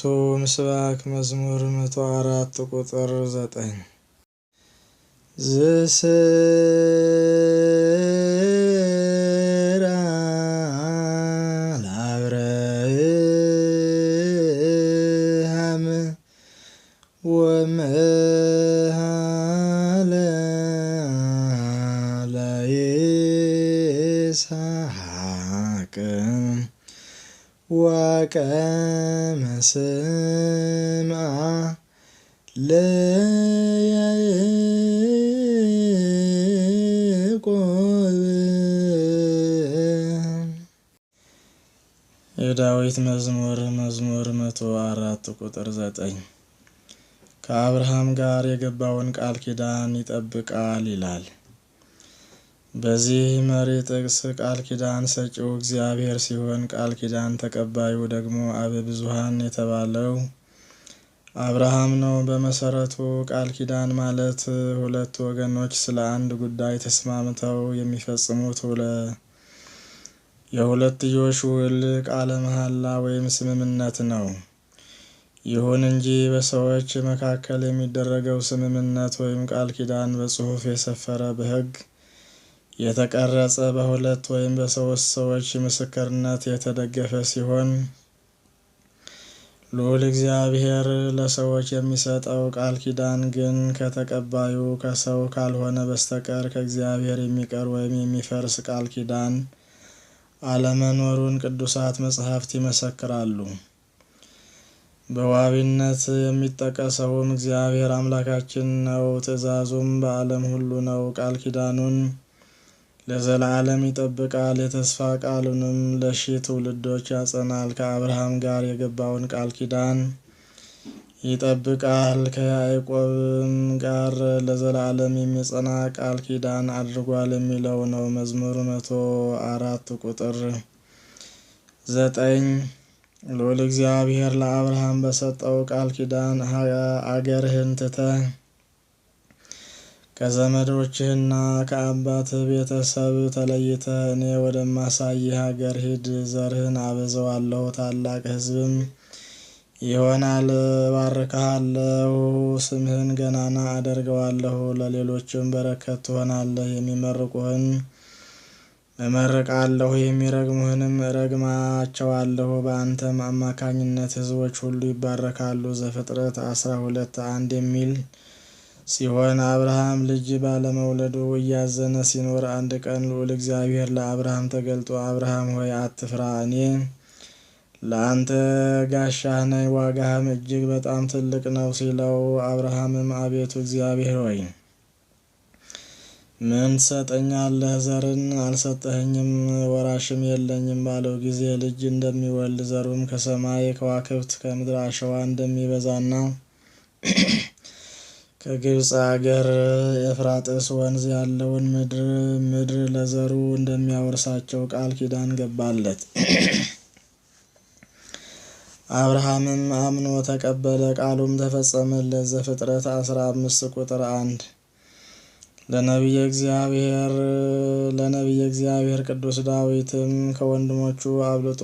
የዳዊቱ ምስባክ መዝሙር መቶ አራት ቁጥር ዘጠኝ ዝስራ ለአብርሃም ወመሃለ ለይስሐቅ ወቀመ ስምዐ ለያዕቆብ የዳዊት መዝሙር መዝሙር መቶ አራት ቁጥር ዘጠኝ ከአብርሃም ጋር የገባውን ቃል ኪዳን ይጠብቃል ይላል። በዚህ መሪ ጥቅስ ቃል ኪዳን ሰጪው እግዚአብሔር ሲሆን ቃል ኪዳን ተቀባዩ ደግሞ አብ ብዙሃን የተባለው አብርሃም ነው። በመሰረቱ ቃል ኪዳን ማለት ሁለት ወገኖች ስለ አንድ ጉዳይ ተስማምተው የሚፈጽሙት ውለ የሁለትዮሽ ውል ቃለ መሐላ ወይም ስምምነት ነው። ይሁን እንጂ በሰዎች መካከል የሚደረገው ስምምነት ወይም ቃል ኪዳን በጽሑፍ የሰፈረ በሕግ የተቀረጸ በሁለት ወይም በሶስት ሰዎች ምስክርነት የተደገፈ ሲሆን ልዑል እግዚአብሔር ለሰዎች የሚሰጠው ቃል ኪዳን ግን ከተቀባዩ ከሰው ካልሆነ በስተቀር ከእግዚአብሔር የሚቀር ወይም የሚፈርስ ቃል ኪዳን አለመኖሩን ቅዱሳት መጽሐፍት ይመሰክራሉ። በዋቢነት የሚጠቀሰውም እግዚአብሔር አምላካችን ነው። ትእዛዙም በዓለም ሁሉ ነው። ቃል ኪዳኑን ለዘላለም ይጠብቃል፣ የተስፋ ቃሉንም ለሺ ትውልዶች ያጸናል። ከአብርሃም ጋር የገባውን ቃል ኪዳን ይጠብቃል፣ ከያዕቆብም ጋር ለዘላለም የሚጸና ቃል ኪዳን አድርጓል የሚለው ነው። መዝሙር መቶ አራት ቁጥር ዘጠኝ ልዑል እግዚአብሔር ለአብርሃም በሰጠው ቃል ኪዳን አገርህን ትተህ ከዘመዶችህና ከአባት ቤተሰብ ተለይተህ እኔ ወደማሳይ ሀገር ሂድ፣ ዘርህን አበዛዋለሁ፣ ታላቅ ሕዝብም ይሆናል። ባርካሃለሁ፣ ስምህን ገናና አደርገዋለሁ፣ ለሌሎችም በረከት ትሆናለህ። የሚመርቁህን እመርቃለሁ፣ የሚረግሙህንም እረግማቸዋለሁ። በአንተም አማካኝነት ሕዝቦች ሁሉ ይባረካሉ። ዘፍጥረት አስራ ሁለት አንድ የሚል ሲሆን አብርሃም ልጅ ባለመውለዱ እያዘነ ሲኖር አንድ ቀን ልዑል እግዚአብሔር ለአብርሃም ተገልጦ አብርሃም ሆይ አትፍራ፣ እኔ ለአንተ ጋሻህ ነኝ፣ ዋጋህም እጅግ በጣም ትልቅ ነው ሲለው፣ አብርሃምም አቤቱ እግዚአብሔር ሆይ ምን ትሰጠኛለህ? ዘርን አልሰጠኸኝም፣ ወራሽም የለኝም ባለው ጊዜ ልጅ እንደሚወልድ ዘሩም ከሰማይ ከዋክብት ከምድር አሸዋ እንደሚበዛና ከግብፅ አገር ኤፍራጥስ ወንዝ ያለውን ምድር ምድር ለዘሩ እንደሚያወርሳቸው ቃል ኪዳን ገባለት። አብርሃምም አምኖ ተቀበለ፣ ቃሉም ተፈጸመለት። ዘፍጥረት አስራ አምስት ቁጥር አንድ ለነቢየ እግዚአብሔር ለነቢየ እግዚአብሔር ቅዱስ ዳዊትም ከወንድሞቹ አብልጦ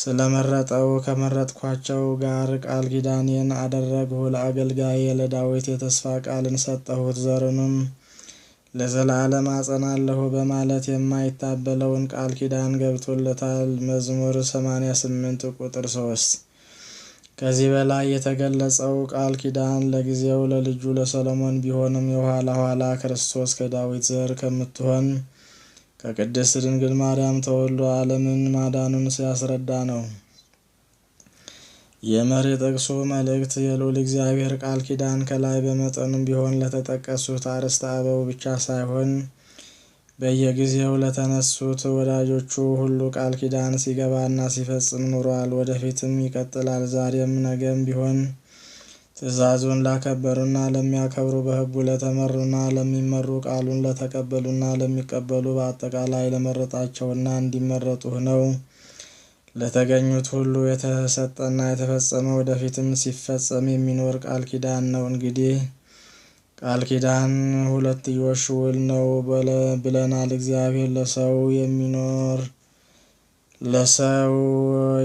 ስለመረጠው ከመረጥኳቸው ጋር ቃል ኪዳኔን አደረግሁ። ለአገልጋዬ ለዳዊት የተስፋ ቃልን ሰጠሁት፣ ዘርንም ለዘላለም አጸናለሁ በማለት የማይታበለውን ቃል ኪዳን ገብቶለታል። መዝሙር 88 ቁጥር 3 ከዚህ በላይ የተገለጸው ቃል ኪዳን ለጊዜው ለልጁ ለሰሎሞን ቢሆንም የኋላ ኋላ ክርስቶስ ከዳዊት ዘር ከምትሆን ከቅድስት ድንግል ማርያም ተወልዶ ዓለምን ማዳኑን ሲያስረዳ ነው። የመሪ ጠቅሶ መልእክት የልዑል እግዚአብሔር ቃል ኪዳን ከላይ በመጠኑም ቢሆን ለተጠቀሱት አርዕስተ አበው ብቻ ሳይሆን በየጊዜው ለተነሱት ወዳጆቹ ሁሉ ቃል ኪዳን ሲገባና ሲፈጽም ኑሯል። ወደፊትም ይቀጥላል። ዛሬም ነገም ቢሆን ትእዛዙን ላከበሩና ለሚያከብሩ በሕጉ ለተመሩና ለሚመሩ ቃሉን ለተቀበሉና ለሚቀበሉ በአጠቃላይ ለመረጣቸውና እንዲመረጡ ነው። ለተገኙት ሁሉ የተሰጠና የተፈጸመ ወደፊትም ሲፈጸም የሚኖር ቃል ኪዳን ነው። እንግዲህ ቃል ኪዳን ሁለትዮሽ ውል ነው ብለናል። እግዚአብሔር ለሰው የሚኖር ለሰው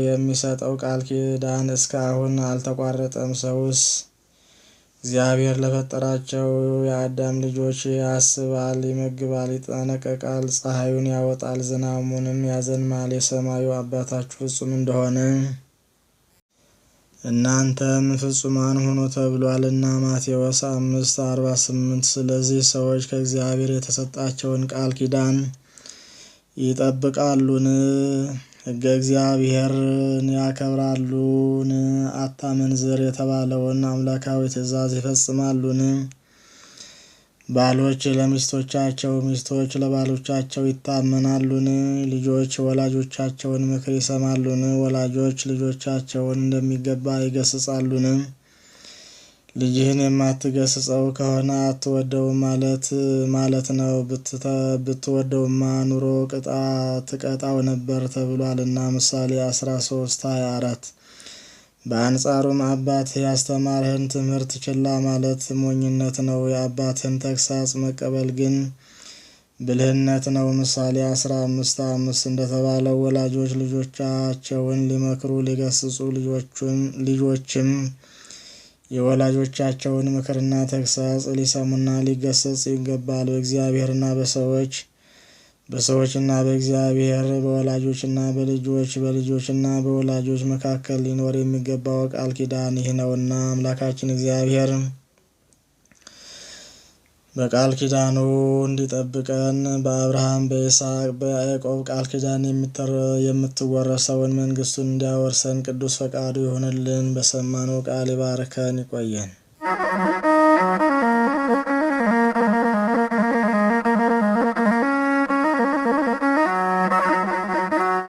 የሚሰጠው ቃል ኪዳን እስካሁን አልተቋረጠም። ሰውስ እግዚአብሔር ለፈጠራቸው የአዳም ልጆች ያስባል፣ ይመግባል፣ ይጠነቀቃል፣ ፀሐዩን ያወጣል፣ ዝናሙንም ያዘንማል። የሰማዩ አባታችሁ ፍጹም እንደሆነ እናንተም ፍጹማን ሁኑ ተብሏልና ማቴዎስ አምስት አርባ ስምንት ስለዚህ ሰዎች ከእግዚአብሔር የተሰጣቸውን ቃል ኪዳን ይጠብቃሉን ሕገ እግዚአብሔርን ያከብራሉን አታመንዝር የተባለውን አምላካዊ ትእዛዝ ይፈጽማሉን ባሎች ለሚስቶቻቸው ሚስቶች ለባሎቻቸው ይታመናሉን ልጆች ወላጆቻቸውን ምክር ይሰማሉን ወላጆች ልጆቻቸውን እንደሚገባ ይገስጻሉን ልጅህን የማትገስጸው ከሆነ አትወደውም ማለት ማለት ነው። ብትወደውማ ኑሮ ቅጣ ትቀጣው ነበር ተብሏልና ምሳሌ 1324 ሶስት በአንጻሩም አባት ያስተማርህን ትምህርት ችላ ማለት ሞኝነት ነው። የአባትህን ተግሳጽ መቀበል ግን ብልህነት ነው። ምሳሌ አስራ አምስት እንደተባለው ወላጆች ልጆቻቸውን ሊመክሩ ሊገስጹ ልጆችም የወላጆቻቸውን ምክርና ተግሳጽ ሊሰሙና ሊገሰጽ ይገባል። በእግዚአብሔርና በሰዎች በሰዎችና በእግዚአብሔር በወላጆችና በልጆች በልጆችና በወላጆች መካከል ሊኖር የሚገባው ቃል ኪዳን ይህ ነውና አምላካችን እግዚአብሔር በቃል ኪዳኑ እንዲጠብቀን በአብርሃም በይስሐቅ በያዕቆብ ቃል ኪዳን የምትወረሰውን መንግስቱን እንዲያወርሰን ቅዱስ ፈቃዱ ይሆንልን። በሰማነው ቃል ይባርከን፣ ይቆየን።